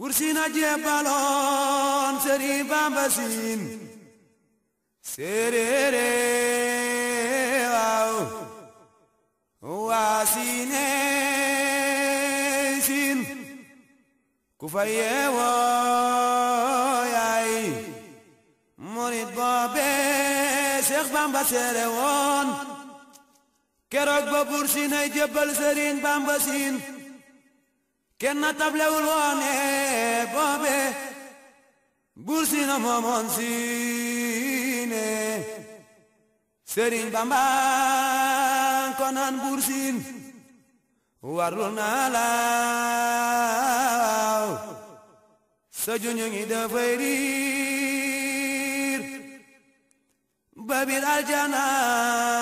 Bursina jebbaloon serii bambasiin sereeree waaw waasinee siin kufayyee wooyaay murid boobee Seex Bamba seere woon keroog ba Bursina jebbal seriin bambasiin. kenn tablewul woon boobe buur sina moomoon siine sëriñ bamba ko naan buur siin naa laaw sa juñu ngi dafay riir babir aljanaa